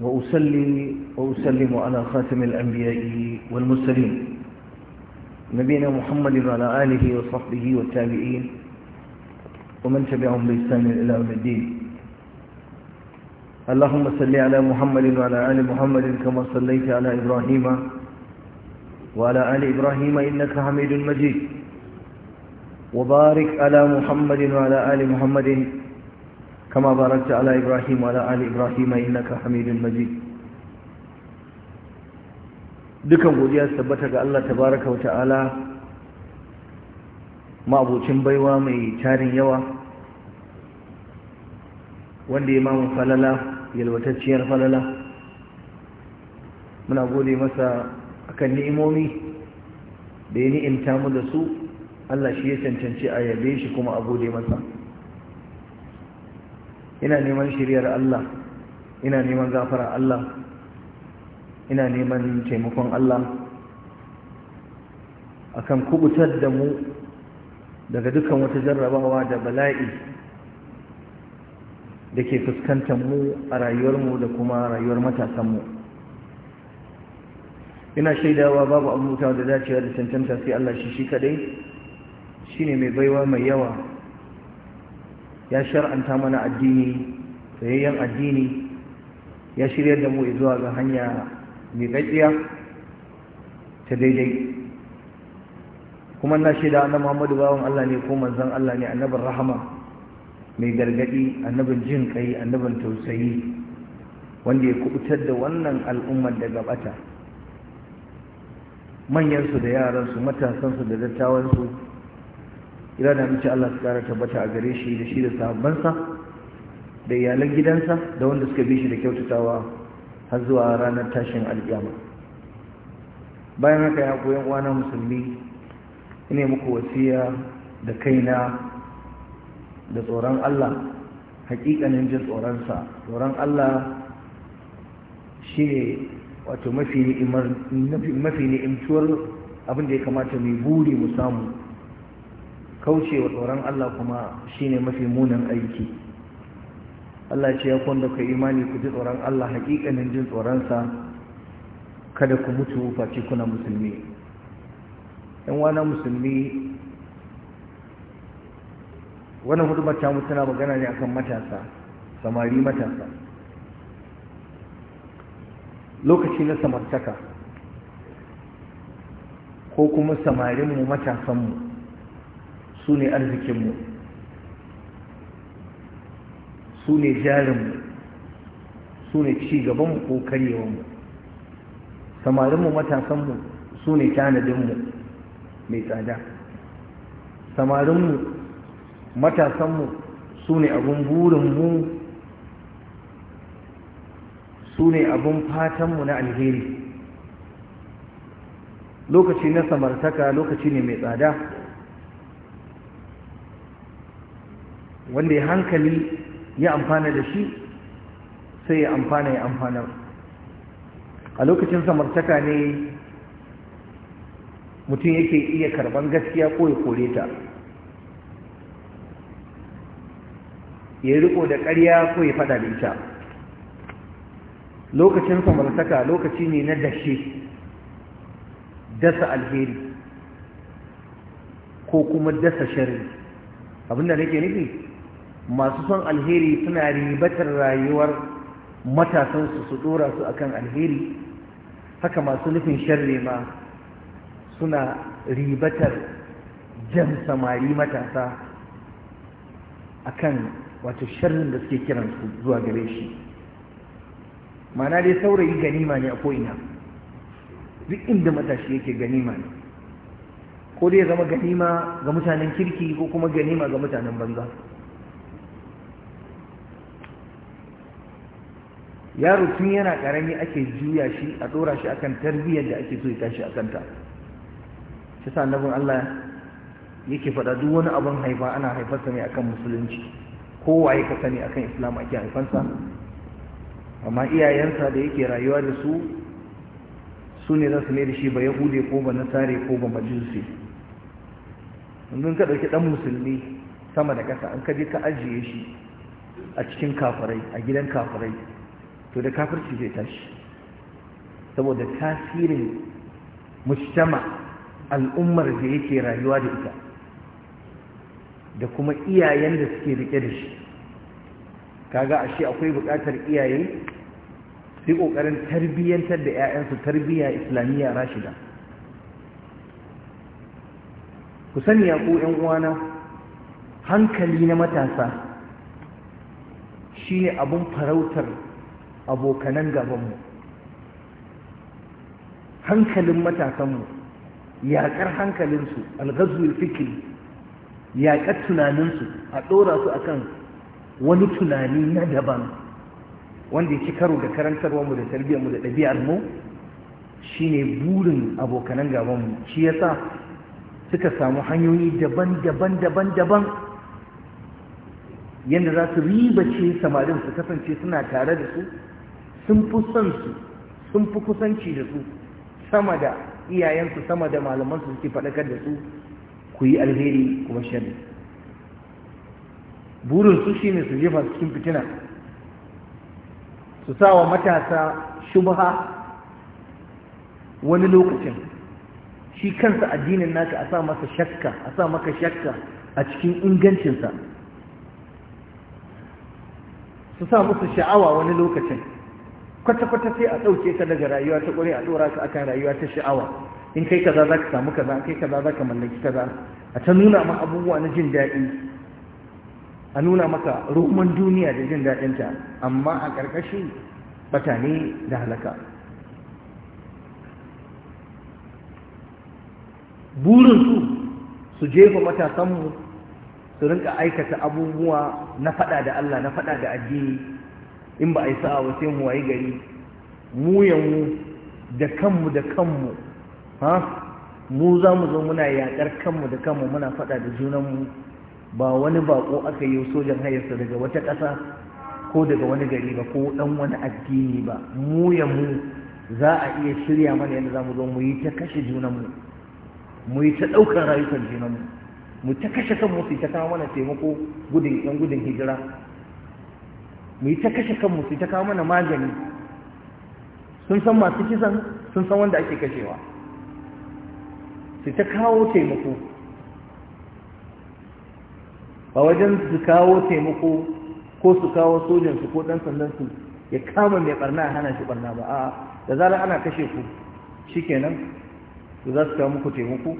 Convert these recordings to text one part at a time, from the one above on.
وأسلي وأسلم على خاتم الأنبياء والمرسلين نبينا محمد وعلى آله وصحبه والتابعين ومن تبعهم بإحسان إلى يوم الدين اللهم صل على محمد وعلى آل محمد كما صليت على إبراهيم وعلى آل إبراهيم إنك حميد مجيد وبارك على محمد وعلى آل محمد كما باركت على إبراهيم وعلى آل إبراهيم إنك حميد مجيد dukan godiya tabbata ga Allah tabaraka wa ta'ala ma'abocin baiwa mai tarin yawa wanda ya mamu falala yalwatacciyar falala muna gode masa akan ni'imomi da ya ni'imta mu da su Allah shi ya cancanci a yabe shi kuma a gode masa ina neman shiryar Allah ina neman zafara Allah ina neman taimakon Allah akan kubutar da mu daga dukkan wata jarrabawa da bala'i da ke fuskantar mu a rayuwarmu da kuma rayuwar matasanmu ina shaidawa babu abubuwa da dacewa da cancanta sai Allah shi shi kadai shine mai baiwa mai yawa ya shar'anta mana addini tsayayyen addini ya shirya da mu zuwa ga hanya gajiya ta daidai kuma na shida na muhammadu bawan allah ne ko manzan allah ne annabin rahama mai gargaɗi annabin jin kai annabin tausayi wanda ya kubutar da wannan al'ummar daga bata manyansu da yaransu matasansu da dattawansu ira da mace Allah su kara tabbata a gare shi da shi da sahabbansa da iyalan gidansa da wanda suka bi shi da kyautatawa har zuwa ranar tashin alƙiyama bayan haka ya koyan uwana musulmi ina muku wasiya da kaina da tsoron Allah hakikanin jin tsoronsa tsoron Allah shi ne wato mafi ni'imtuwar abin da ya kamata mai buri mu samu kaucewa tsoron Allah kuma shine mafi munin aiki Allah ce ya kwanda ka imani ku ji tsoron Allah hakikanin jin tsoronsa kada ku mutu face kuna musulmi yan wana musulmi wani hudu mata na magana ne akan matasa samari matasa lokaci na samartaka ko kuma samarinmu matasanmu su ne arzikinmu su ne jarinmu su ne cigabanmu ko karyewanmu samarinmu matasanmu su ne tanadinmu mai tsada samarinmu matasanmu su ne abin burinmu su ne abin fatanmu na alheri lokaci na samartaka lokaci ne mai tsada wanda ya hankali ya amfana da shi sai ya amfana ya amfana a lokacin samartaka ne mutum yake iya karban gaskiya ko ya kore ta ya riko da ƙarya ko ya fada da ita lokacin samartaka lokaci ne na dashe dasa alheri ko kuma dasa shari'a abinda nake nufi masu son alheri suna ribatar rayuwar matasansu su dora su akan alheri haka masu nufin sharri ma suna ribatar jan samari matasa akan wato sharrin da suke kiransu zuwa gare shi mana dai saurayi ganima ne a ko'ina duk inda matashi yake ganima ne ko dai zama ganima ga mutanen kirki ko kuma ganima ga mutanen banza yaro tun yana karami ake juya shi a dora shi akan tarbiyyar da ake so ya tashi akan ta shi sa annabin Allah yake faɗa duk wani abin haifa ana haifarsa ne akan musulunci kowa ka sani akan islam ake haifansa amma iyayensa da yake rayuwa da su su ne za su ne da shi ba yahude ko ba nasare ko ba majusi in ka ɗauki ɗan musulmi sama da ƙasa an kaje ka ajiye shi a cikin kafirai a gidan kafirai to da kafirci zai tashi saboda tasirin mujtama al'ummar da yake rayuwa da ita da kuma iyayen da suke riƙe da shi kaga ashe akwai buƙatar iyaye su ƙoƙarin tarbiyyantar da 'ya'yansu tarbiyya islamiyya rashida ku sani ya ku ‘yan uwana hankali na matasa shi ne abun farautar abokanan gabanmu hankalin matasanmu yaƙar hankalinsu algazul fikir yaƙar tunaninsu a ɗora su kan wani tunani na daban wanda ya ci karo da karantarwarmu da tarbiyyarmu da ɗabi'armu ne burin abokanan gabanmu shi yasa suka samu hanyoyi daban-daban daban-daban yadda za su ribace samarin su kasance suna tare da su sun fi son su sun fi kusanci da su sama da iyayensu sama da malamansu suke faɗakar da su ku yi alheri kuma shari burinsu shi ne su jefa cikin fitina su sa wa matasa shubha wani lokacin shi kansa addinin naka a sa masa shakka a sa maka shakka a cikin ingancinsa su sa musu sha'awa wani lokacin kwata-kwata sai a ɗauke ka daga rayuwa ta ƙuri a ɗora ka akan rayuwa ta sha'awa in kai kaza za ka samu kaza in kai kaza za ka mallaki kaza a ta nuna ma abubuwa na jin daɗi a nuna maka roman duniya da jin daɗinta amma a ƙarƙashin batane da halaka burinsu su jefa matasanmu su rinka aikata abubuwa na faɗa da Allah na faɗa da addini in ba a yi sa'a ba sai mu wayi gari mu yanmu da kanmu da kanmu ha mu za mu zo muna yaƙar kanmu da kanmu muna faɗa da junanmu ba wani baƙo aka yi sojan hayarsa daga wata ƙasa ko daga wani gari ba ko ɗan wani addini ba mu yanmu za a iya shirya mana yadda za mu zo mu yi ta kashe junanmu mu yi ta ɗaukar rayukan junanmu mu ta kashe kanmu su ta kawo mana taimako gudun yan gudun hijira mu yi ta kashe kanmu su ta kawo mana magani sun san masu kisan sun san wanda ake kashewa su ta kawo taimako a wajen su kawo taimako ko su kawo sojansu ko ɗan sandansu ya kama mai ɓarna a hana shi ɓarna ba a da zarar ana kashe ku shikenan to za su kawo muku taimako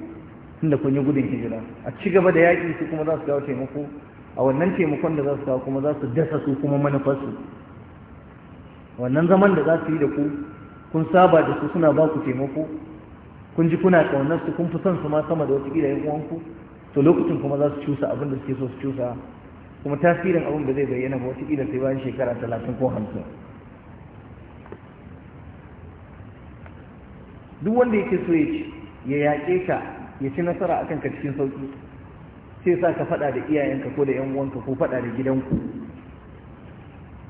tunda kun yi gudun hijira a ci gaba da yaƙi su kuma za su kawo taimako a wannan taimakon da za su kawo kuma za su dasa su kuma manufarsu wannan zaman da za su yi da ku kun saba da su suna ba ku taimako kun ji kuna ƙaunar su kun fi son su ma sama da wasu ƙila yan uwanku to lokacin kuma za su cusa abin da suke so su cusa kuma tasirin abin da zai bayyana ba wasu ƙila sai bayan shekara talatin ko hamsin duk wanda yake so ya ci ya yaƙe ka ya ci nasara akan ka cikin sauƙi sai sa ka faɗa da iyayenka ko da 'yan uwanka ko faɗa da gidanku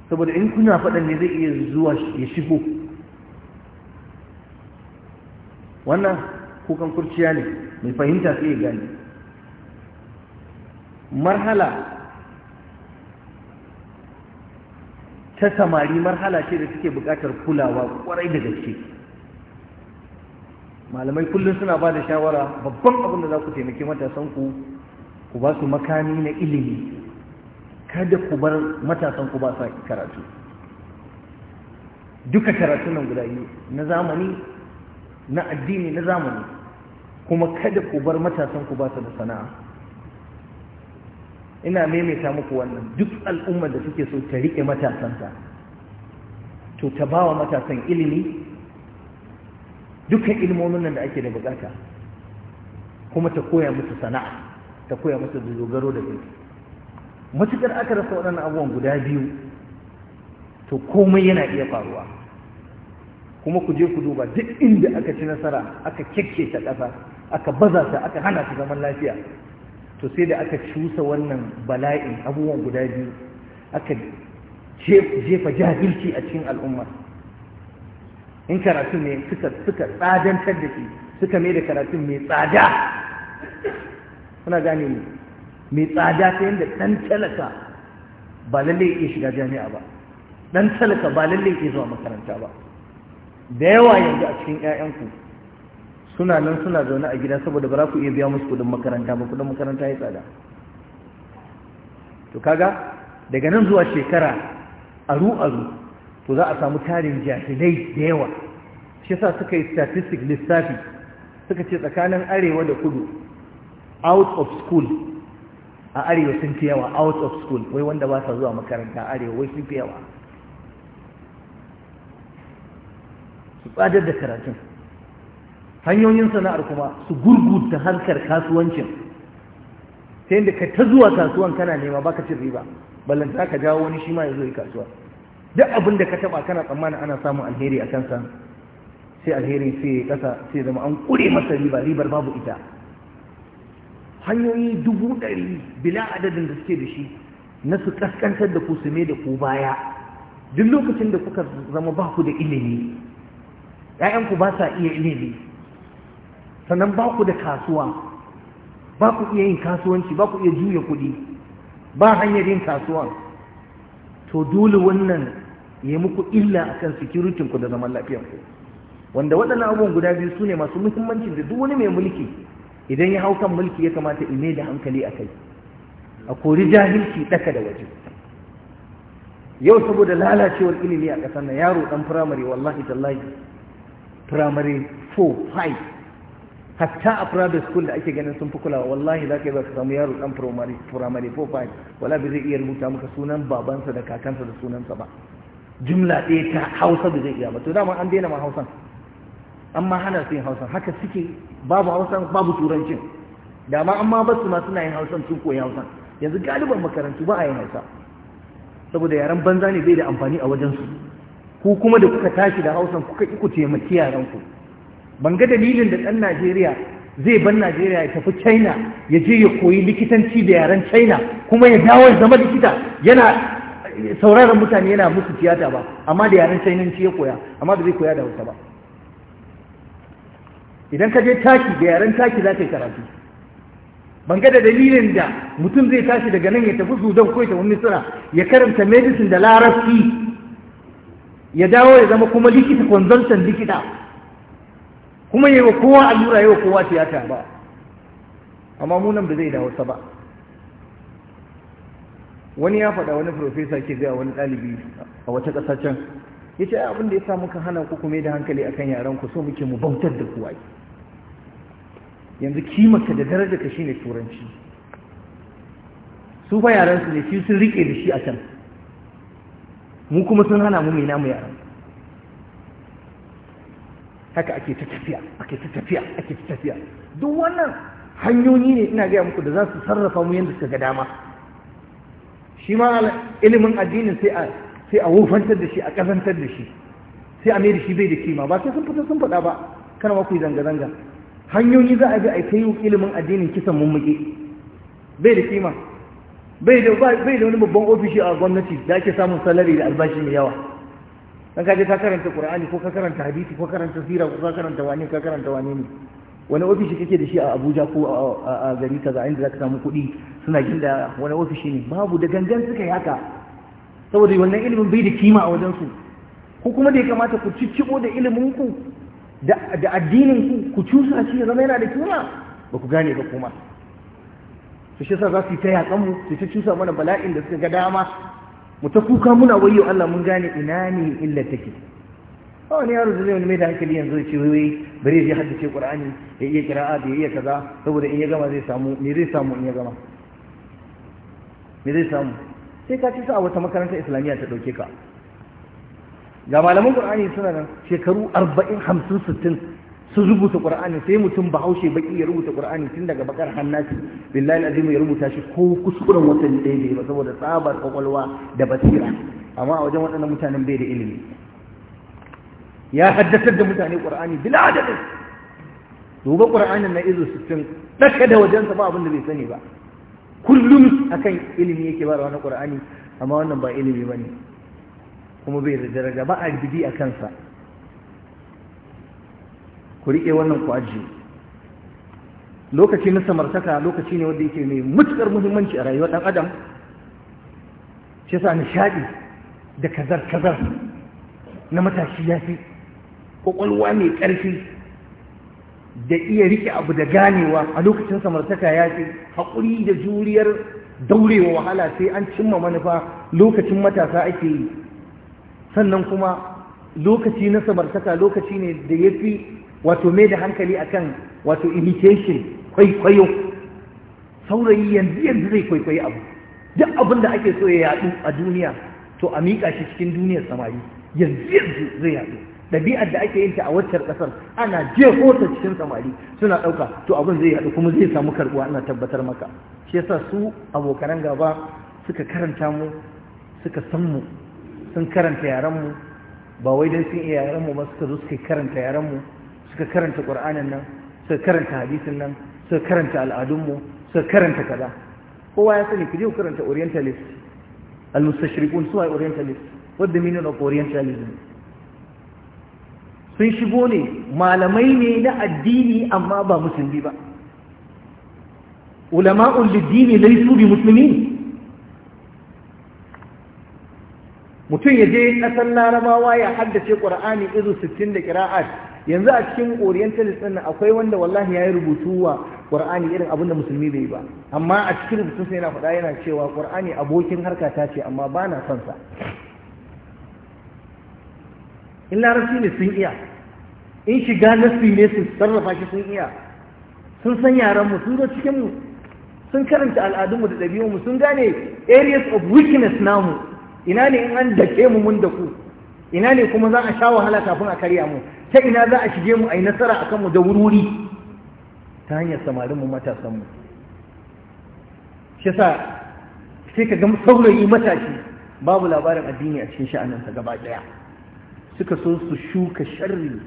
saboda in kuna faɗan ne zai iya zuwa ya shigo wannan kukan kurciya ne mai fahimta sai ya gane marhala ta samari marhala ce da suke buƙatar kulawa kwarai da gaske malamai kullum suna ba da shawara babban abin da za ku taimaki matasanku ku ba su makami na ilimi kada ku bar matasanku ba sa karatu duka karatu nan guda biyu na zamani na addini na zamani kuma kada ku bar matasanku ba su da sana'a ina maimaita muku wannan duk al'ummar da suke so ta riƙe matasanta to ta ba wa matasan ilimi dukkan ilmomin nan da ake da bukata kuma ta koya musu sana'a ta koya musu dogaro da kai matukar aka rasa waɗannan abubuwan guda biyu to komai yana iya faruwa kuma ku je ku duba duk inda aka ci nasara aka ta ƙasa aka baza ta aka hana ta zaman lafiya to sai da aka cusa wannan bala'in abubuwan guda biyu aka jefa jahilci a cikin al'ummar in karatu ne suka suka tsadantar da shi suka mai da karatun mai tsada kuna gane ne mai tsada ta yadda ɗan talaka ba lallai ya shiga jami'a ba ɗan talaka ba lallai ya zuwa makaranta ba da yawa yanzu a cikin 'ya'yanku suna nan suna zaune a gida saboda ba za ku iya biya musu kuɗin makaranta ba kuɗin makaranta ya tsada to kaga daga nan zuwa shekara aru aru to za a samu tarin jahilai da yawa shi sa suka yi statistic lissafi suka ce tsakanin arewa da kudu out of school a arewa sun fi yawa out of school wai wanda ba sa zuwa makaranta arewa wai sun fi yawa su tsadar da karatun hanyoyin sana'ar kuma su gurguta harkar kasuwancin ta yadda ka ta zuwa kasuwan kana nema baka cin riba ballanta ka jawo wani shi ma ya zo yi kasuwa duk abin da ka taba kana tsammanin ana samun alheri a kansa sai alheri sai kasa sai zama an kure masa riba ribar babu ita hanyoyi dubu ɗari bila adadin da suke da shi na su kaskantar da ku su da ku baya duk lokacin da kuka zama ba ku da ilimi ‘ya'yanku ba sa iya ilimi sannan ba ku da kasuwa ba ku iya yin kasuwanci ba ku iya juya kuɗi ba hanyar yin kasuwa to dole wannan ya muku illa akan kan ku da zaman lafiyar ku wanda waɗannan abubuwan guda biyu su ne masu muhimmancin da duk wani mai mulki idan ya hau kan mulki ya kamata in mai da hankali a kai a kori jahilci ɗaka da waje yau saboda lalacewar ilimi a ƙasar nan yaro ɗan firamare wallahi tallahi firamare 4 5 hatta a private school da ake ganin sun fi kulawa wallahi za ka yi za ka samu yaro ɗan firamare 4 5 wala bai zai iya rubuta maka sunan babansa da kakansa da sunansa ba jumla ɗaya ta hausa da zai iya ba to dama an daina ma hausan an hana su yin hausan haka suke babu hausan babu turanci dama amma an ma ba su ma suna yin hausan sun koyi hausan yanzu galiban makarantu ba a yin hausa saboda yaren banza ne bai da amfani a wajen su ku kuma da kuka tashi da hausan kuka ki ku taimaki yaranku ban ga dalilin da ɗan najeriya zai ban najeriya ya tafi china ya je ya koyi likitanci da yaren china kuma ya dawo ya zama likita yana sauraron mutane yana musu tiyata ba amma da yaren sainanci ya koya amma da zai koya da wata ba idan ka je taki da yaren taki za ka yi karatu ban ga da dalilin da mutum zai tashi daga nan ya tafi sudan ko ya tafi misira ya karanta medicine da larabci ya dawo ya zama kuma likita kwanzantan likita kuma yi wa kowa allura yi wa kowa tiyata ba amma munan ba zai dawo ta ba wani ya faɗa wani profesa ke a wani ɗalibi a wata ƙasa can ya ce abin da ya sa muka hana ku kuma da hankali akan yaran ku so muke mu bautar da ku ai yanzu kimaka da daraja ka shine turanci su fa yaran su ne shi sun rike da shi a can mu kuma sun hana mu mai namu yaran haka ake ta tafiya ake ta tafiya ake ta tafiya duk wannan hanyoyi ne ina gaya muku da za su sarrafa mu yadda suka ga dama shi ma ilimin addinin sai a sai a wufantar da shi a kasantar da shi sai a mai da shi bai da kima ba sai sun fita sun faɗa ba kana ma ku yi zanga-zanga hanyoyi za a bi a kai ilimin addinin kisan mummuke bai da kima bai da bai da wani babban ofishi a gwamnati da ake samun salari da albashi mai yawa dan kaje ka karanta qur'ani ko ka karanta hadisi ko karanta sira ko ka karanta wani ka karanta wani ne wani ofishi kake da shi a abuja ko a gari kaza inda za ka samu kuɗi suna jin da wani ofishi ne babu da gangan suka yi haka saboda wannan ilimin bai da kima a wajensu ko kuma da ya kamata ku cicciɓo da iliminku da addinin ku cusa shi zama yana da kima ba ku gane ba kuma su shi sa za su yi ta mu su ta cusa mana bala'in da suka ga dama mu ta kuka muna wayo Allah mun gane ina ne illa take ba wani yaro da zai wani mai da hankali yanzu ya ce wai bare zai haddace qur'ani ya iya kira'a da iya kaza saboda in ya gama zai samu me zai samu in ya gama me zai samu sai ka ci sa a wata makarantar islamiyya ta dauke ka ga malaman qur'ani suna nan shekaru 40 50 60 su rubuta qur'ani sai mutum bahaushe baƙi ya rubuta qur'ani tun daga bakar hannati billahi azimu ya rubuta shi ko kuskuren watan daidai ba saboda tsabar kwakwalwa da basira amma a wajen waɗannan mutanen bai da ilimi ya haddatar da mutane qur'ani bila adadin duba qur'anin na izu 60 daka da wajensa ba abin da bai sani ba kullum akan ilimi yake ba wani qur'ani amma wannan ba ilimi bane kuma bai da daraja ba a gidi a kansa ku riƙe wannan ku ajiye lokaci na samartaka lokaci ne wanda yake mai matuƙar muhimmanci a rayuwar ɗan adam shi sa nishaɗi da kazar-kazar na matashi ya fi kwakwalwa mai ƙarfi da iya rike abu da ganewa a lokacin samartaka ya ce haƙuri da juriyar daurewa wahala sai an cimma manufa lokacin matasa ake yi sannan kuma lokaci na samartaka lokaci ne da ya fi wato mai da hankali akan wato imitation kwaikwayo saurayi yanzu yanzu zai kwaikwayi abu duk abin da ake so ya yaɗu a duniya to a miƙa shi cikin duniyar samari yanzu yanzu zai yaɗu ɗabi'ar da ake yin ta a wancan ƙasar ana jefo ta cikin samari suna ɗauka to abin zai haɗu kuma zai samu karbuwa ana tabbatar maka shi yasa su abokan gaba suka karanta mu suka san mu sun karanta yaran mu ba wai dan sun iya yaran mu ba suka zo suka karanta yaran mu suka karanta Qur'anin nan suka karanta hadisin nan suka karanta al'adun mu suka karanta kaza kowa ya sani ku je ku karanta orientalist al-mustashrikun suwa orientalist what the meaning of orientalism sun shigo ne malamai ne na addini amma ba musulmi ba ulidini lidini su bi musulmi mutum ya je ƙasar larabawa ya haddace ƙur'ani izu 60 da ƙira'at yanzu a cikin orientalist ɗin akwai wanda wallahi ya yi rubutu wa ƙur'ani irin abinda musulmi bai ba amma a cikin rubutunsa yana faɗa yana cewa ƙur'ani abokin harka ta ce amma ba na son in larabci ne sun iya in shiga nasi ne sun sarrafa shi sun iya sun san yaranmu sun zo cikinmu sun karanta al'adunmu da ɗabi'unmu sun gane areas of weakness namu ina ne in an dake mu mun da ku ina ne kuma za a sha wahala kafin a karya mu ta ina za a shige mu a yi nasara a kanmu da wurwuri ta hanyar samarinmu matasanmu shi sai ka ga saurayi matashi babu labarin addini a cikin sha'anansa gaba ɗaya suka so su shuka sharri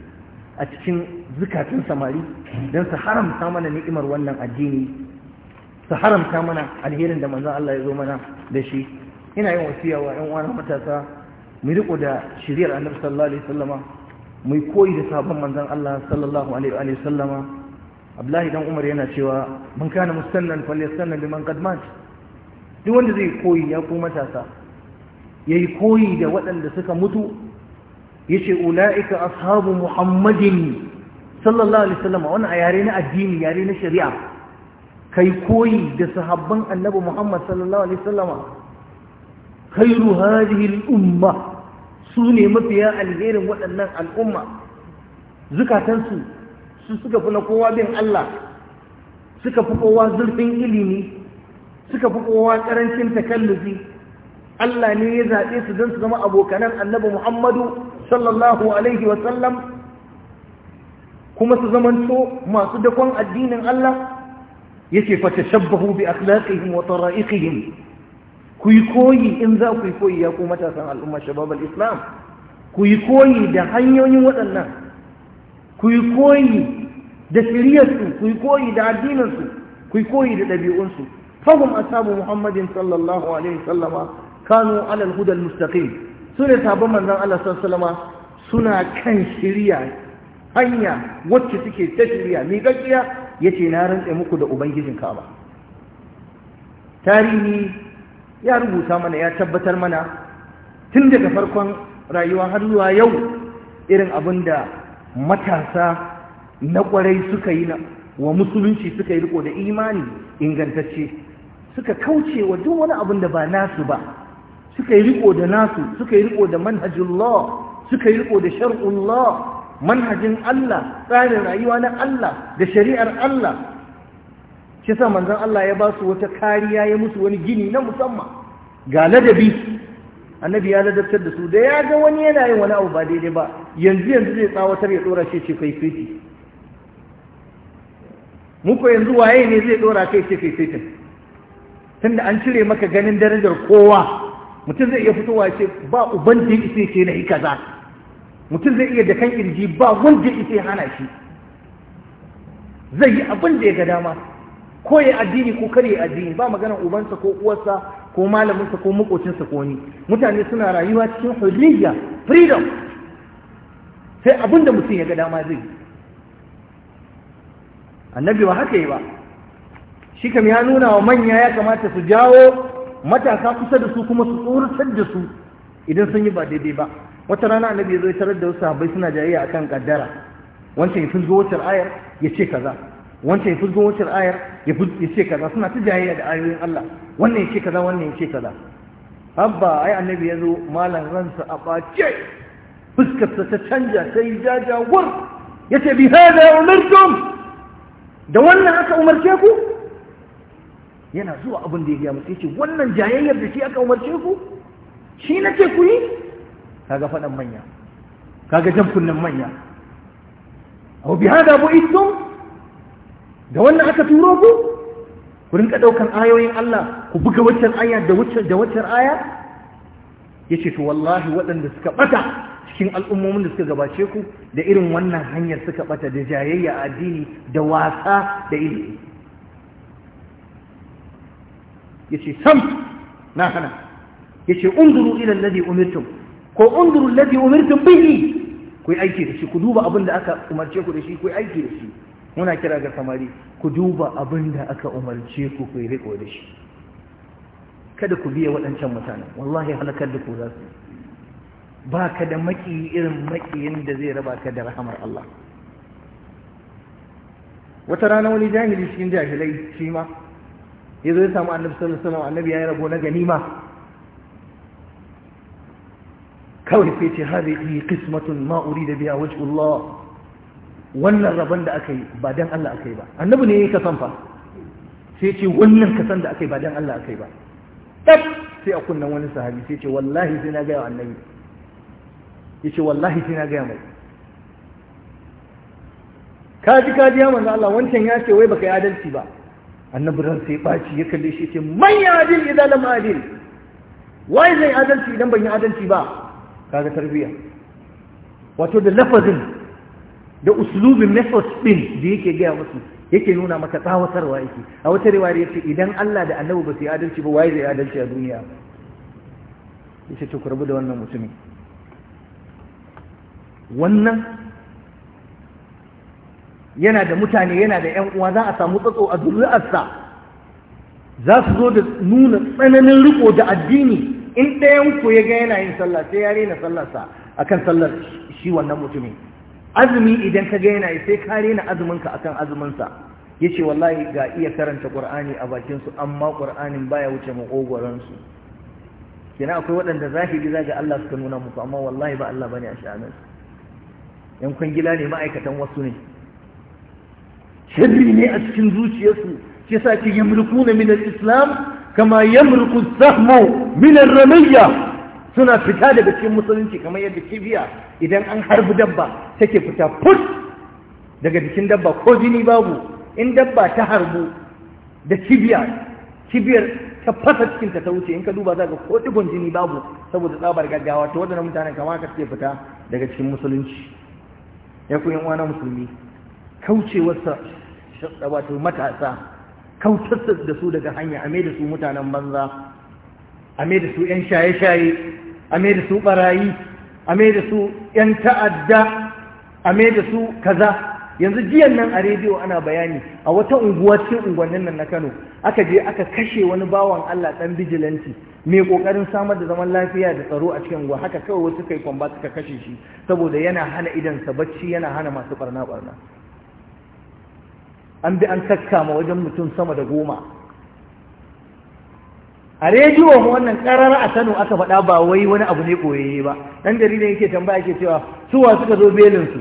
a cikin zukatun samari don su haramta mana ni'imar wannan addini su haramta mana alherin da manzan Allah ya zo mana da shi ina yin wasiya wa ƴan uwana matasa mu riko da shiriyar annabi sallallahu alaihi wasallama mu koyi da sabon manzan Allah sallallahu alaihi wasallama Abdullahi dan Umar yana cewa man kana mustannan falyastanna biman qad mat duk wanda zai koyi ya ko matasa yayi koyi da waɗanda suka mutu yace ulaika ashabu muhammadin sallallahu alaihi wasallam wannan a yare na addini yare na shari'a kai koyi da sahabban annabi muhammad sallallahu alaihi wasallama khairu hadhihi al-umma sune mafiya alherin waɗannan al'umma zukatansu su suka fi na kowa bin Allah suka fi kowa zurfin ilimi suka fi kowa karancin takallufi Allah ne ya zaɓe su don su zama abokanan annabi Muhammadu sallallahu alaihi wasallam kuma su zamanto masu dakon addinin Allah yake fata shabbahu bi akhlaqihim wa tara'iqihim ku yi koyi in za ku yi koyi ya ku matasan al'umma shabab al-islam ku yi koyi da hanyoyin waɗannan ku yi koyi da shiryarsu ku yi koyi da addininsu ku yi koyi da ɗabi'unsu fahim ashabu muhammadin sallallahu alaihi sallama kanu alal hudal almustaqim sune sabon manzon Allah sallallahu suna kan shirya hanya wacce suke ta shirya mai gaskiya yace na rantse muku da ubangijin Ka'aba tarihi ya rubuta mana ya tabbatar mana tun daga farkon rayuwar har yau irin abun da matasa na kwarai suka yi wa musulunci suka yi riko da imani ingantacce suka kauce wa duk wani abin da ba nasu ba suka yi riko da nasu suka yi riko da manhajullah suka yi riko da shar'ullah manhajin Allah tsarin rayuwa na Allah da shari'ar Allah shi sa manzon Allah ya ba su wata kariya ya musu wani gini na musamman ga ladabi annabi ya ladabtar da su da ya ga wani yana yin wani abu ba daidai ba yanzu yanzu zai tsawatar ya dora shi ce kai fiti muku yanzu waye ne zai dora kai ce kai fiti tunda an cire maka ganin darajar kowa mutum zai iya fitowa ce ba uban da isa ce na yi kaza mutum zai iya da kan kirji ba wanda isa hana shi zai yi abin da ya ga dama ko ya addini ko kare addini ba maganar ubansa ko uwarsa ko malaminsa ko makocinsa ko ni mutane suna rayuwa cikin hurriya freedom sai abin da mutum ya ga dama zai annabi ba haka yi ba shi kam ya nuna wa manya ya kamata su jawo matasa kusa da su kuma su tsoratar da su idan sun yi ba daidai ba wata rana annabi ya zo tarar da wasu sahabbai suna jayayya akan kaddara wancan ya fi zuwa wacce ayar ya ce kaza wancan ya fi zuwa wacce ayar ya ce kaza suna ta jayayya da ayoyin Allah wannan ya ce kaza wannan ya ce kaza abba ai annabi ya zo malan ransa a ɓace fuskarsa ta canja ta yi jajawar ya ce bi hada umartum da wannan aka umarce ku yana zuwa abin da ya gaya ya ce wannan jayayyar da shi aka umarce ku shi na ce ku yi kaga faɗan manya kaga jan kunnen manya aw bi hada ito da wannan aka turo ku ku rinka ɗaukar ayoyin Allah ku buga waccan aya da waccan da waccan aya yace to wallahi waɗanda suka bata cikin al'ummomin da suka gabace ku da irin wannan hanyar suka bata da jayayya a addini da wasa da ilimi yace sam na hana yace unduru ila alladhi umirtum ko unzuru alladhi umirtum bihi ku aiki da shi ku duba abinda aka umarce ku da shi ku aiki da shi muna kira ga samari ku duba abinda aka umarce ku ku riko da shi kada ku biya waɗancan mutane wallahi halakar da ku za su ba ka da maki irin makiyin da zai raba ka da rahamar Allah wata rana wani jahili cikin jahilai shi ma ya zo ya samu annabi sallallahu alaihi wasallam annabi ya yi rabo na ganima kawai sai ce hadhihi qismatun ma urida biha wajhullah wannan rabon da aka yi ba dan Allah aka yi ba annabi ne ya yi kasan fa sai ce wannan kasan da aka yi ba dan Allah aka yi ba tab sai a kunnan wani sahabi sai ce wallahi sai na gaya wa annabi yace wallahi sai na gaya mai kaji kaji ya manzo Allah wancan ya ce wai baka yi adalci ba annabi ran sai baci ya kalle shi ce man ya adil idan lam adil wai zai adalci idan ban yi adalci ba kaga tarbiya wato da lafazin da uslubin method din da yake gaya musu yake nuna maka tsawatarwa yake a wata riwayar yace idan Allah da annabi ba su yi adalci ba wai zai adalci a duniya yace to ku rabu da wannan mutumin wannan yana da mutane yana da yan uwa za a samu tsatso a zuri'arsa za su zo da nuna tsananin riko da addini in ɗayan ku ya ga yana yin sallah sai ya rena sallarsa a kan sallar shi wannan mutumin azumi idan ka ga yana yi sai ka rena azuminka akan azuminsa ce wallahi ga iya karanta ƙur'ani a bakinsu, amma ƙur'anin baya wuce maƙogwaransu. kina akwai waɗanda zahiri zaga Allah suka nuna muku amma wallahi ba Allah bane a sha'anin yan kwangila ne ma'aikatan wasu ne sharri ne a cikin zuciyarsu ke sa ke yamruku na minar islam kama yamruku sahmu min Ramayya suna fita daga cikin musulunci kamar yadda kibiya idan an harbi dabba take fita put daga jikin dabba ko jini babu in dabba ta harbu da kibiya kibiyar ta fasa cikinta ta wuce in ka duba za ka ko digon jini babu saboda tsabar gaggawa ta wadannan mutanen kama ka suke fita daga cikin musulunci ya ku yan uwa na musulmi kaucewarsa wato matasa kautarsa da su daga hanya a da su mutanen banza a da su 'yan shaye-shaye a da su barayi a da su 'yan ta'adda a da su kaza yanzu jiyan nan a rediyo ana bayani a wata unguwa cikin unguwannin nan na kano aka je aka kashe wani bawan allah dan bijilanti mai kokarin samar da zaman lafiya da tsaro a cikin unguwa haka kawai wasu kai kwamba suka kashe shi saboda yana hana idansa bacci yana hana masu barna barna an bi an kakkama wajen mutum sama da goma a rediyo mu wannan karara a Kano aka faɗa ba wai wani abu ne koyayye ba dan jarida yake tambaya yake cewa suwa suka zo belin su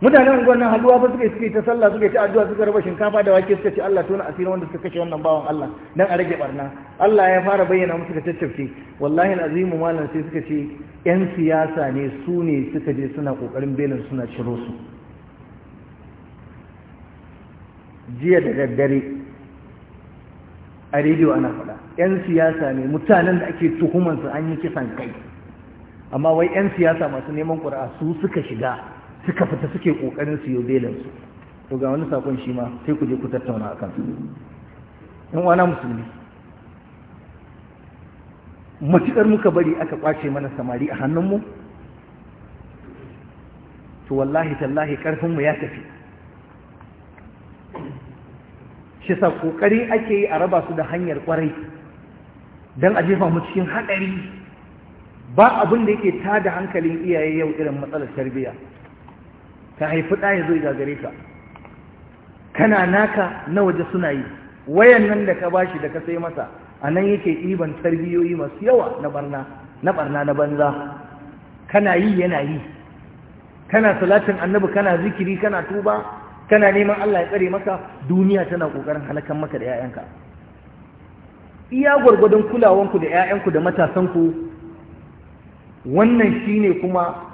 mutanen unguwar nan haduwa ba suka yi ta sallah suka ta addu'a suka raba shinkafa da wake suka ce Allah tona asiri wanda suka kashe wannan bawan Allah dan a rage barna Allah ya fara bayyana musu da tattafi wallahi alazimu malam sai suka ce yan siyasa ne su ne suka je suna kokarin belin suna ciro su jiya da daddare a rediyo ana faɗa 'yan siyasa ne mutanen da ake tuhumansu an yi kisan kai amma wai 'yan siyasa masu neman ƙura'a su suka shiga suka fita suke ƙoƙarin su yobelansu to ga wani saƙon shi ma sai ku je ku tattauna a kansu in wana musulmi matuƙar muka bari aka ƙwace mana samari a hannunmu to wallahi tallahi ƙarfinmu ya tafi shi sa kokari ake yi a raba su da hanyar kwarai don a jefa mu cikin haɗari ba abin da yake tada hankalin iyaye yau irin matsalar tarbiyya ka haifi ɗa ya zo gare ka kana naka na waje suna yi wayan nan da ka bashi da ka sai masa a nan yake ɗiban tarbiyoyi masu yawa na barna na barna na banza kana yi yana yi kana salatin annabi kana zikiri kana tuba kana neman Allah ya tsare maka duniya tana kokarin halakan maka da ƴaƴanka iya gwargwadon kulawanku da ƴaƴanku da matasanku wannan shine kuma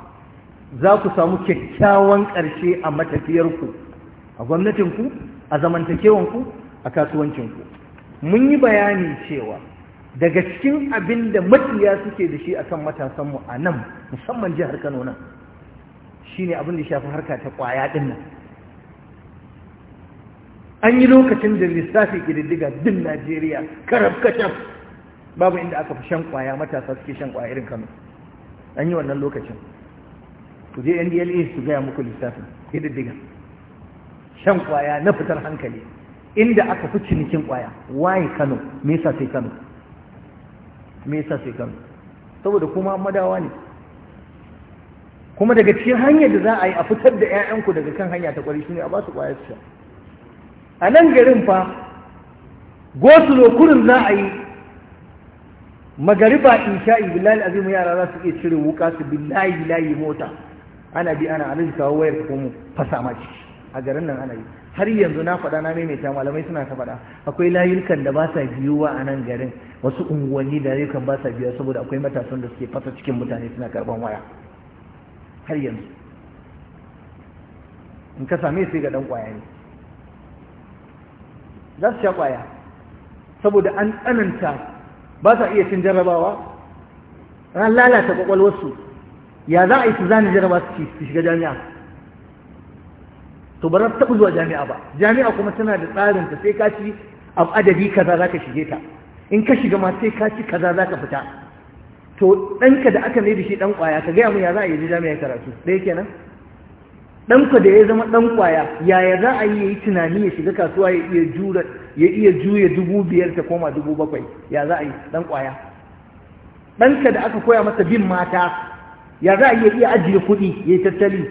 za ku samu kyakkyawan ƙarshe a matafiyarku a gwamnatinku a zamantakewanku a kasuwancinku mun yi bayani cewa daga cikin abin da matsiya suke da shi akan matasanmu a nan musamman jihar kano nan shine abin da shafi harka ta ƙwaya ɗin an yi lokacin da lissafi ƙididdiga din najeriya karab kashaf babu inda aka fi shan kwaya matasa suke shan kwaya irin kano an yi wannan lokacin ku je ndla e su gaya muku lissafin ƙididdiga shan kwaya na fitar hankali inda aka fi cinikin kwaya waye kano me yasa sai kano me yasa sai kano saboda kuma madawa ne kuma daga cikin hanyar da za a yi a fitar da 'ya'yanku daga kan hanya ta kwari shine a ba su kwaya su sha a nan garin fa gosulo kurin za a yi magariba isha'i billahi azim yara za su iya cire wuka su billahi layi mota ana bi ana alin kawo wayar ta komo fasa ma a garin nan ana yi har yanzu na faɗa na maimaita malamai suna ta faɗa akwai layukan da ba sa biyuwa a nan garin wasu unguwanni da layukan ba sa biyuwa saboda akwai matasan da suke fasa cikin mutane suna karban waya har yanzu in ka same sai ga dan kwaya ne za su sha ƙwaya saboda an tsananta ba sa iya cin jarrabawa ran lalata ƙwaƙwalwarsu ya za a yi su zane jarraba su shiga jami'a to ba za su taɓa zuwa jami'a ba jami'a kuma tana da tsarin ta sai ka ci adadi kaza za ka shige ta in ka shiga ma sai ka ci kaza za ka fita to ɗanka da aka mai da shi ɗan ƙwaya ka gaya mu ya za a yi jami'a karatu ɗaya kenan ɗanka da ya zama ɗan kwaya yaya za a yi ya yi tunani ya shiga kasuwa ya iya jura ya iya juya dubu biyar ta koma dubu bakwai ya za a yi ɗan kwaya ɗanka da aka koya masa bin mata ya za a iya iya ajiye kuɗi ya yi tattali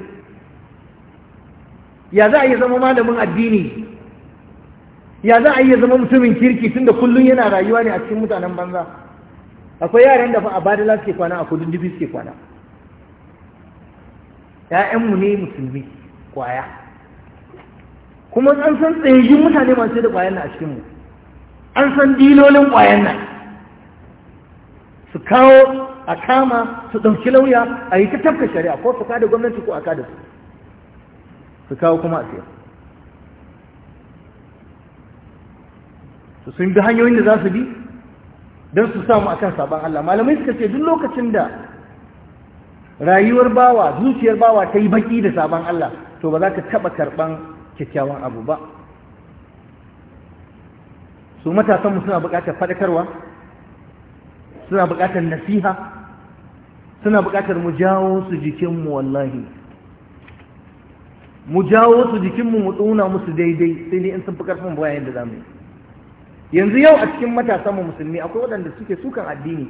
ya za a iya zama malamin addini ya za a iya zama mutumin kirki tunda kullum yana rayuwa ne a cikin mutanen banza akwai yaran da fa a badala suke kwana a kudin dubi suke kwana ‘ya'yanmu ne musulmi ƙwaya kuma an san tsayayyun mutane masu da ƙwayan na a cikinmu an san dilolin ƙwayan nan su kawo a kama su ɗauki lauya a yi ta tafka shari'a ko su kada gwamnati ko a kada su su kawo kuma a siya su sun bi hanyoyin da za su bi don su samu akan sabon Allah malamai suka ce duk lokacin da rayuwar bawa zuciyar bawa ta yi baki da sabon Allah to ba za ka taɓa karɓan kyakkyawan abu ba su matasanmu suna buƙatar faɗakarwa suna buƙatar nasiha suna buƙatar mu jawo su jikinmu wallahi mu jawo su jikinmu mu tsuna musu daidai sai ne in sun fi ƙarfin bayan da zamu yanzu yau a cikin matasanmu musulmi akwai waɗanda suke sukan addini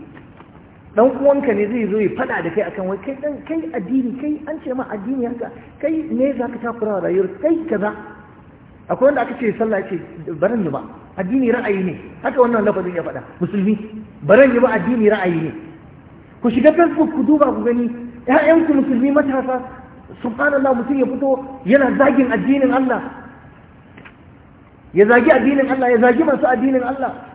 dan uwanka ne zai zo ya fada da kai akan wai kai dan kai addini kai an ce ma addini haka kai ne zaka takura rayuwar kai kaza akwai wanda aka ce sallah ce baran ni ba addini ra'ayi ne haka wannan lafazin ya faɗa musulmi baran ni ba addini ra'ayi ne ku shiga facebook ku duba ku gani ƴaƴanku musulmi matasa subhanallah mutum ya fito yana zagin addinin Allah ya zagi addinin Allah ya zagi masu addinin Allah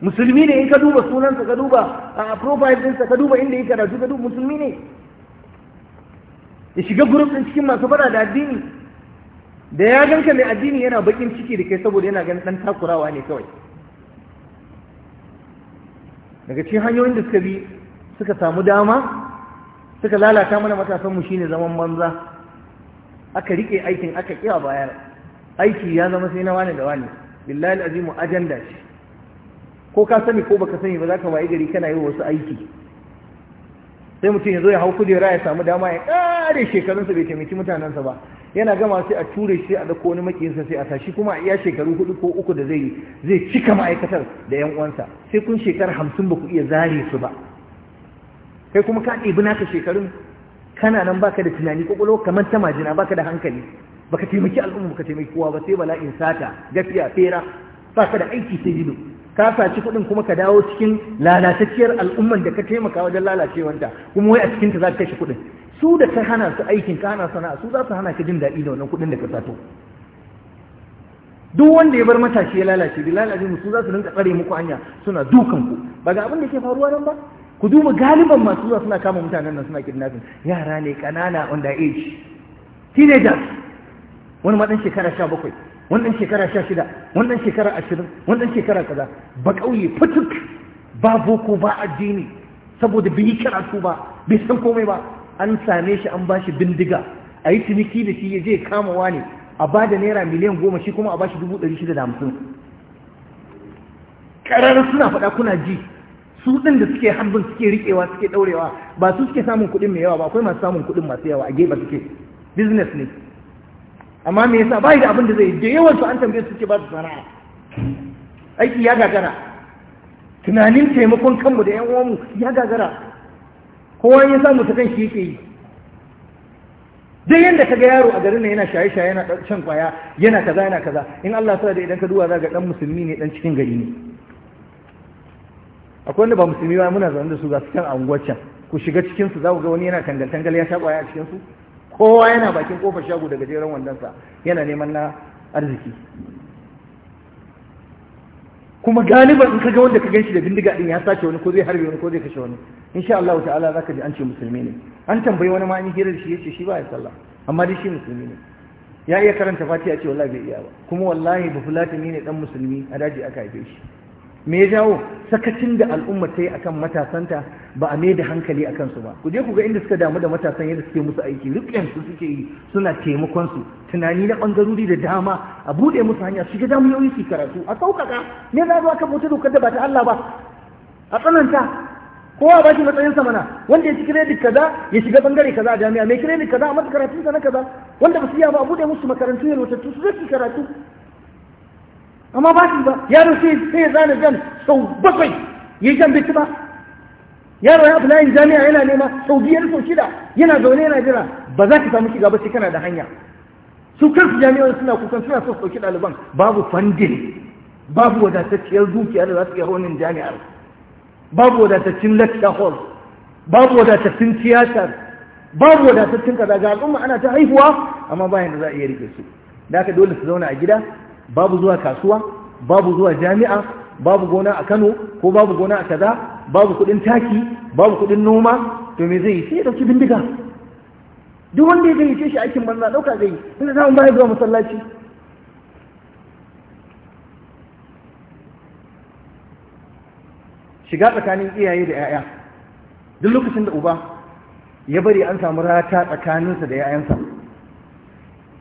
musulmi ne in ka duba sunansa ka duba a profile ɗinsa ka duba inda ya karatu ka duba musulmi ne ya shiga guruf ɗin cikin masu fara da addini da ya ganka mai addini yana bakin ciki da kai saboda yana ganin ɗan takurawa ne kawai daga cikin hanyoyin da suka bi suka samu dama suka lalata mana matasanmu shine zaman banza aka rike aikin aka kiya bayar aiki ya zama sai na wani da wani billahi azimu ajanda shi ko ka sani ko baka sani ba za ka waye gari kana yi wasu aiki sai mutum ya zo ya hau kujera ya samu dama ya ƙare shekarunsa bai taimaki mutanensa ba yana gama sai a ture shi a dauko wani makiyinsa sai a tashi kuma a iya shekaru hudu ko uku da zai zai cika ma'aikatar da yan uwansa sai kun shekara hamsin ba ku iya zare su ba kai kuma ka ɗebi naka shekarun kana nan baka da tunani ƙwaƙwalwa kamar ta majina baka da hankali baka taimaki al'umma baka taimaki kowa ba sai bala'in sata gafiya fera baka da aiki sai gido ka saci kuɗin kuma ka dawo cikin lalatacciyar al'umman da ka taimaka wajen lalacewanta kuma wai a cikin ta za ka kashe kuɗin su da ka hana su aikin ka hana sana'a su za su hana ka jin daɗi da wannan kuɗin da ka sato duk wanda ya bar matashi ya lalace da lalace mu su za su rinka tsare muku hanya suna dukan ku ba ga abin da ke faruwa nan ba ku duba galiban masu zuwa suna kama mutanen nan suna kidnapping yara ne kanana on the age teenagers wani ma shekara shekara 17 wannan shekara sha shida wannan shekara ashirin wannan shekara kaza ba ƙauye fituk ba boko ba addini saboda bai yi karatu ba bai san komai ba an same shi an bashi bindiga a yi ciniki da shi ya je kama wani a ba da naira miliyan goma shi kuma a bashi dubu ɗari shida da hamsin ƙararra suna faɗa kuna ji su ɗin da suke harbin suke riƙewa suke ɗaurewa ba su suke samun kuɗin mai yawa ba akwai masu samun kuɗin masu yawa a gefe suke business ne amma me yasa bai da abin da zai da yawan su an tambaye su ce ba su sana'a aiki ya gagara tunanin taimakon kanmu da yan uwanmu ya gagara kowa ya samu ta kan shi yake yi dai yadda ka ga yaro a garin nan yana shaye-shaye yana shan kwaya yana kaza yana kaza in Allah sa da idan ka duba za ga dan musulmi ne dan cikin gari ne akwai wanda ba musulmi ba muna zaune da su ga su can a unguwar can ku shiga cikin su za ku ga wani yana tangal-tangal ya sha kwaya a cikin su kowa yana bakin kofar shago daga wannan sa, yana neman na arziki kuma galiban in kaga wanda ka ganshi da bindiga din ya sace wani ko zai harbe wani ko zai kashe wani insha Allah ta'ala zaka ji an ce musulmi ne an tambayi wani ma an hirar shi yace shi ba ya sallah amma dai shi musulmi ne ya iya karanta fatiha ce wallahi bai iya ba kuma wallahi bafulatani ne dan musulmi a daji aka haife shi me ya jawo sakacin da al'umma ta yi akan matasanta ba a mai da hankali a kansu ba ku je ku ga inda suka damu da matasan yadda suke musu aiki riƙen su suke yi suna taimakon su tunani na ɓangarori da dama a buɗe musu hanya su ga damu yau su karatu a sauƙaƙa me za a aka bauta dokar da ba ta Allah ba a tsananta kowa ba shi matsayin sa mana wanda ya ci credit kaza ya shiga bangare kaza a jami'a mai credit kaza a masa karatun sa na kaza wanda ba su yi ba a buɗe musu makarantu yalwatattu su zai karatu amma ba shi ba yaro sai ya zana jan sau bakwai ya jan bici ba yaro ya fi layin jami'a yana nema sau biyar sau shida yana zaune yana jira ba za ki samu shiga ba sai kana da hanya su kansu jami'an suna kukan suna son sauki ɗaliban babu fandin babu wadatacciyar dukiya da za su iya honin jami'ar babu wadataccen lecture hall babu wadataccen tiyatar babu wadataccen kaza ga al'umma ana ta haihuwa amma bayan da za a iya rike su da aka dole su zauna a gida babu zuwa kasuwa babu zuwa jami'a babu gona a Kano ko babu gona a kaza babu kudin taki babu kudin noma to me zai yi sai dauki bindiga duk wanda ya gayyace shi aikin banza dauka zai yi sai samun baya zuwa masallaci shiga tsakanin iyaye da 'ya'ya duk lokacin da uba ya bari an samu rata tsakaninsa da 'ya'yansa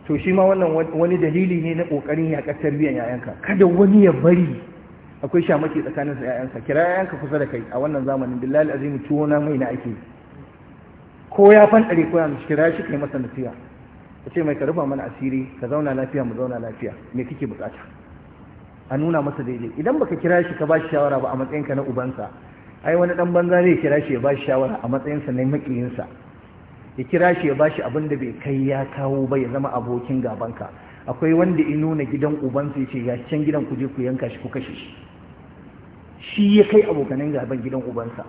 to shi ma wannan wani dalili ne na kokarin ya kasar biyan yayanka kada wani ya bari akwai shamaki tsakanin su yayansa kira yayanka kusa da kai a wannan zamanin billahi azim tuwo na mai na ake ko ya dare ko ya mishi kira shi kai masa nasiha ka ce mai ka rufa mana asiri ka zauna lafiya mu zauna lafiya me kike bukata a nuna masa daidai idan baka kira shi ka ba shi shawara ba a matsayinka na ubansa ai wani dan banza ne kira shi ya ba shi shawara a matsayinsa na makiyinsa ya kira shi ya ba shi abin da bai kai ya kawo ba ya zama abokin gabanka akwai wanda ya nuna gidan ubansa ya ce ya can gidan ku je ku yanka shi ku kashe shi shi ya kai abokanin gaban gidan ubansa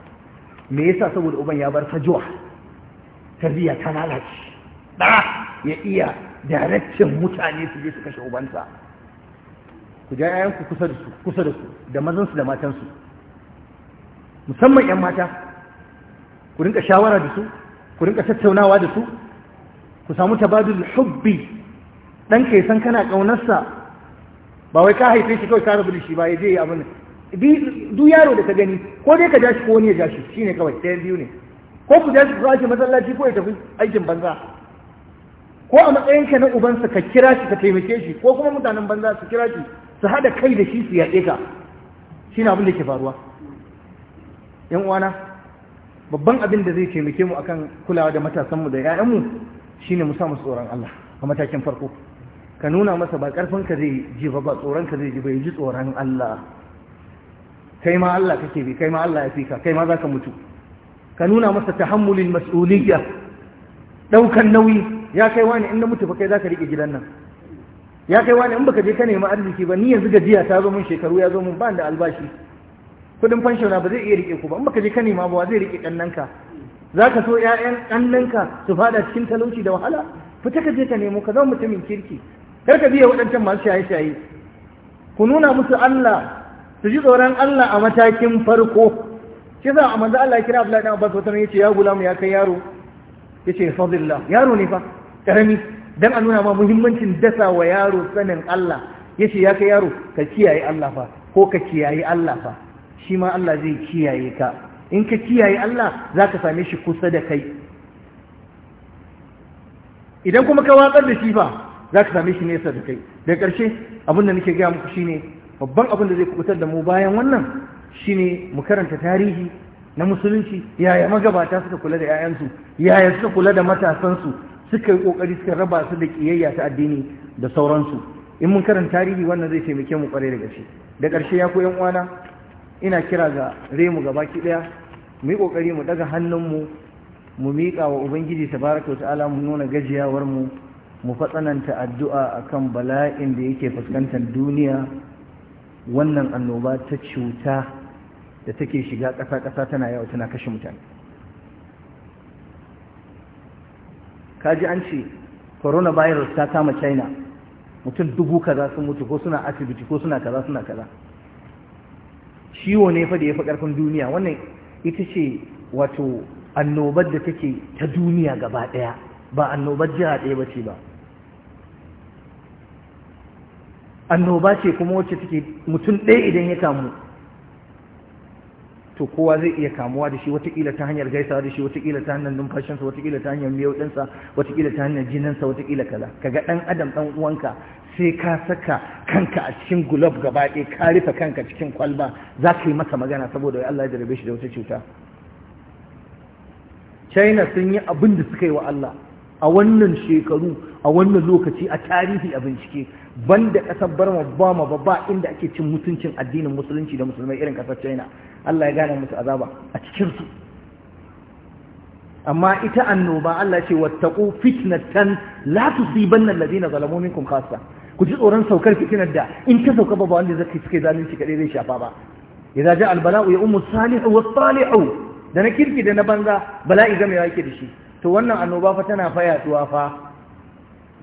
me yasa saboda uban ya bar fajuwa tarbiyya ta lalace da ya iya darakcin mutane su je su kashe ubansa ku ja yayanku kusa da su kusa da su da su da su musamman 'yan mata ku rinka shawara da su ku rinka tattaunawa da su ku samu tabadul hubbi ɗanka kai san kana ƙaunarsa ba wai ka haife shi kawai ka rubu da shi ba ya abin du yaro da ka gani ko dai ka jashi ko wani ya jashi shine kawai sai biyu ne ko ku jashi ku zashi masallaci ko ya tafi aikin banza ko a matsayin ka na ubansa ka kira shi ka taimake shi ko kuma mutanen banza su kira shi su haɗa kai da shi su yaɗe ka shine abin da ke faruwa yan uwana babban abin da zai taimake mu akan kulawa da matasanmu da 'ya'yanmu shine mu sa musu tsoron Allah a matakin farko ka nuna masa ba karfin ka zai ji ba ba tsoron ka zai ji ba ji tsoron Allah kai ma Allah kake bi kai ma Allah ya fi ka kai ma za ka mutu ka nuna masa tahammulin mas'uliyya daukan nauyi ya kai wani inda mutu ba kai za ka rike gidan nan ya kai wani in baka je ka nemi arziki ba ni yanzu gajiya ta zo mun shekaru ya zo mun ba da albashi kudin fanshona ba zai iya rike ku ba in baka je ka nema ba zai rike kannanka za ka so ƴaƴan kannanka su fada cikin talauci da wahala fita ka je ka nemo ka zama mutumin kirki kar ka biya waɗancan masu shaye-shaye ku nuna musu Allah su ji tsoron Allah a matakin farko shi za a manzo Allah kira Abdullahi dan Abbas wata yace ya gulamu ya kai yaro yace fadillah yaro ne fa karami dan a nuna ma muhimmancin dasa wa yaro sanin Allah yace ya kai yaro ka kiyaye Allah fa ko ka kiyaye Allah fa shi ma Allah zai kiyaye ka in ka kiyaye Allah za ka same shi kusa da kai idan kuma ka watsar da shi ba za ka same shi nesa da kai da ƙarshe abin da nake gaya muku shine babban abin da zai kubutar da mu bayan wannan shine mu karanta tarihi na musulunci yaya magabata suka kula da 'ya'yansu yaya suka kula da matasansu suka yi kokari suka raba su da kiyayya ta addini da sauransu in mun karanta tarihi wannan zai taimake mu kware da gaske da ƙarshe ya ku yan uwana ina kira ga remu ga baki daya mu yi kokari mu daga hannunmu mu miƙa wa ubangiji tabaraka ta'ala mu nuna gajiyawar mu mu fatsananta addu'a akan bala'in da yake fuskantar duniya wannan annoba ta cuta da take shiga ƙasa-ƙasa tana yawa tana kashe mutane kaji an ce corona virus ta kama china mutum dubu kaza sun mutu ko suna asibiti ko suna kaza suna kaza ciwo ne fa da ya fi ƙarfin duniya wannan ita ce wato annobar da take ta duniya gaba ɗaya ba annobar jiha ɗaya ba ce ba annoba ce kuma wacce take mutum ɗaya idan ya kamu to kowa zai iya kamuwa da shi watakila ta hanyar gaisawa da shi watakila ta hanyar numfashinsa watakila ta hanyar miyau ɗinsa watakila ta hanyar jininsa watakila kaza kaga ɗan adam ɗan uwanka sai ka saka kanka a cikin gulob gaba ɗaya ka rufe kanka cikin kwalba za ka yi masa magana saboda Allah ya jarabe shi da wata cuta china sun yi abin da suka yi wa Allah a wannan shekaru a wannan lokaci a tarihi a bincike banda kasar barma ba ma ba inda ake cin mutuncin addinin musulunci da musulmai irin kasar china Allah ya gane musu azaba a cikin su amma ita annoba Allah ce wattaqu fitnatan la tusibanna alladhina zalamu minkum khassa ku ji tsoron saukar fitinar da in ta sauka ba wanda zai suke shi kadai zai shafa ba idza ja al bala'u ya ummu salihu wa salihu da na kirki da na banza bala'i ga mai yake da shi to wannan annoba fa tana fayatuwa fa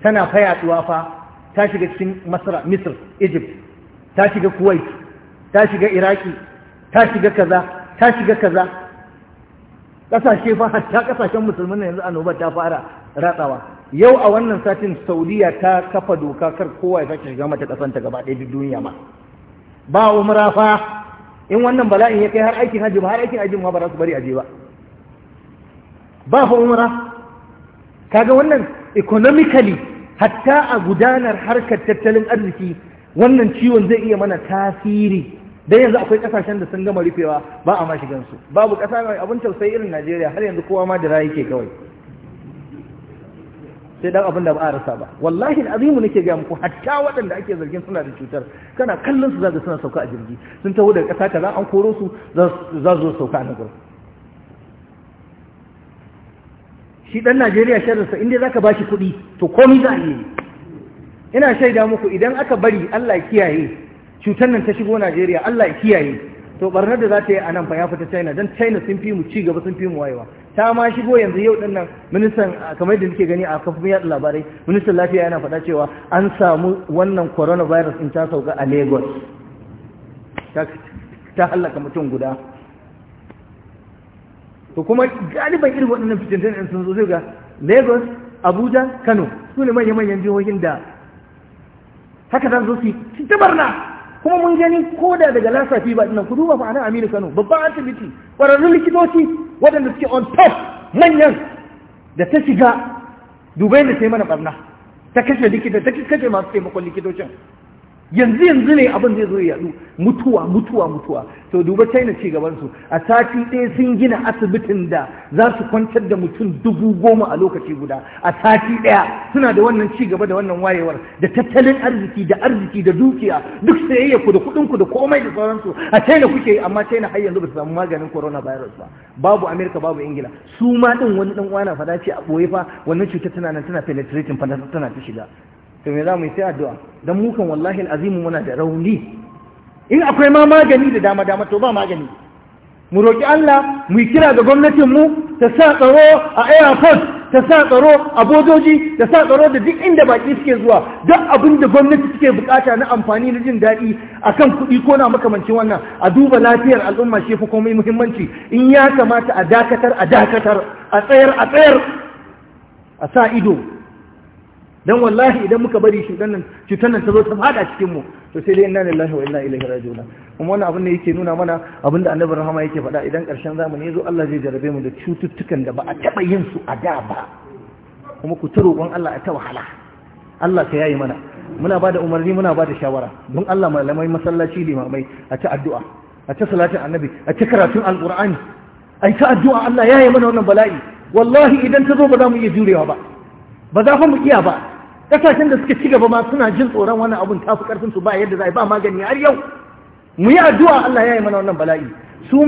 tana fayatuwa fa ta shiga cikin masra misr egypt ta shiga kuwait ta shiga iraki ta shiga kaza ta shiga kaza kasashe fa hatta kasashen musulmin yanzu annoba ta fara ratsawa yau a wannan satin saudiya ta kafa doka kar kowa ya sake shiga mata kasanta gaba ɗaya duk duniya ma ba umra fa in wannan bala'in ya kai har aikin hajji ba har aikin hajji ma ba za su bari aje ba ba fa umra kaga wannan economically hatta a gudanar harkar tattalin arziki wannan ciwon zai iya mana tasiri dan yanzu akwai kasashen da sun gama rufewa ba a ma shigan su. babu kasa mai abin tausayi irin Najeriya har yanzu kowa ma da rayi ke kawai sai dan abin da ba a rasa ba wallahi azimu nake ga muku hatta waɗanda ake zargin suna da cutar kana kallon su zaga suna sauka a jirgi sun taho daga ƙasa za an koro su za su sauka a nan shi dan Najeriya sharrinsa inda zaka bashi kuɗi to komai za a yi ina shaida muku idan aka bari Allah ya kiyaye cutar nan ta shigo Najeriya Allah ya kiyaye to barnar da za ta yi a nan fa ya fita China dan China sun fi mu ci gaba sun fi mu wayewa ta ma shigo yanzu yau din nan ministan kamar da nake gani a kafin yaɗa labarai ministan lafiya yana faɗa cewa an samu wannan coronavirus in ta sauka a lagos ta hallaka mutum guda to kuma galiban irin waɗannan fitintun sun zo ga lagos abuja kano su ne manya-manyan jihohin da haka zo su yi kuma mun gani ko da daga lasafi ba ina ku duba fa Kano babban asibiti kwararrun likitoci waɗanda suke on top manyan da ta shiga dubai da sai mana barna ta kashe likita ta kashe masu taimakon likitocin yanzu yanzu ne abin zai zo ya yadu mutuwa mutuwa mutuwa to duba china ci gaban su a sati ɗaya sun gina asibitin da za su kwantar da mutum dubu goma a lokaci guda a sati ɗaya suna da wannan ci gaba da wannan wayewar da tattalin arziki da arziki da dukiya duk sayayya ku da kuɗin ku da komai da sauransu a china kuke yi amma china har yanzu ba su samu maganin coronavirus ba babu america babu ingila su ma din wani dan uwa na fada ce a boye fa wannan cutar tana nan tana penetrating fa tana ta shiga to me za mu yi sai addu'a Don mu wallahi alazimu muna da rauni in akwai ma magani da dama dama to ba magani mu roƙi Allah mu kira ga gwamnatin mu ta sa tsaro a airport ta sa tsaro a bodoji ta sa tsaro da duk inda baki suke zuwa duk abin da gwamnati suke bukata na amfani na jin daɗi akan kuɗi ko na makamancin wannan a duba lafiyar al'umma shi fi komai muhimmanci in ya kamata a dakatar a dakatar a tsayar a tsayar a sa ido dan wallahi idan muka bari shugan cutar nan ta zo ta fada cikin mu to sai dai inna lillahi wa inna ilaihi raji'un kuma wannan abin da yake nuna mana abin da annabi rahama yake faɗa idan ƙarshen zamani zo Allah zai jarabe mu da cututtukan da ba a taɓa yin su a da ba kuma ku turo roƙon Allah a ta wahala Allah ka yayi mana muna da umarni muna da shawara don Allah malamai masallaci limamai a ta addu'a a ta salatin annabi a ta karatun alqur'ani a ta addu'a Allah yayi mana wannan bala'i wallahi idan ta zo ba za mu iya jurewa ba ba za mu iya ba kasashen da suka ci gaba ma suna jin tsoron wani abun tafi karfin su ba yadda za a ba magani har yau mu yi addu'a Allah ya yi mana wannan bala'i su